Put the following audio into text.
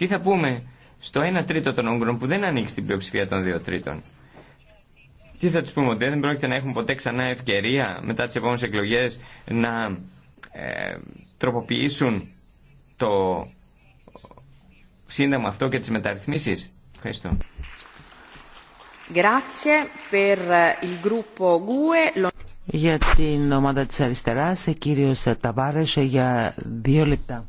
Τι θα πούμε στο 1 τρίτο των Ούγγρων που δεν ανήκει στην πλειοψηφία των 2 τρίτων. Τι θα του πούμε, ότι δεν πρόκειται να έχουν ποτέ ξανά ευκαιρία μετά τι επόμενε εκλογέ να ε, τροποποιήσουν το σύνταγμα αυτό και τι μεταρρυθμίσει. Ευχαριστώ. Για την ομάδα της αριστεράς, κύριος Ταβάρες, για δύο λεπτά.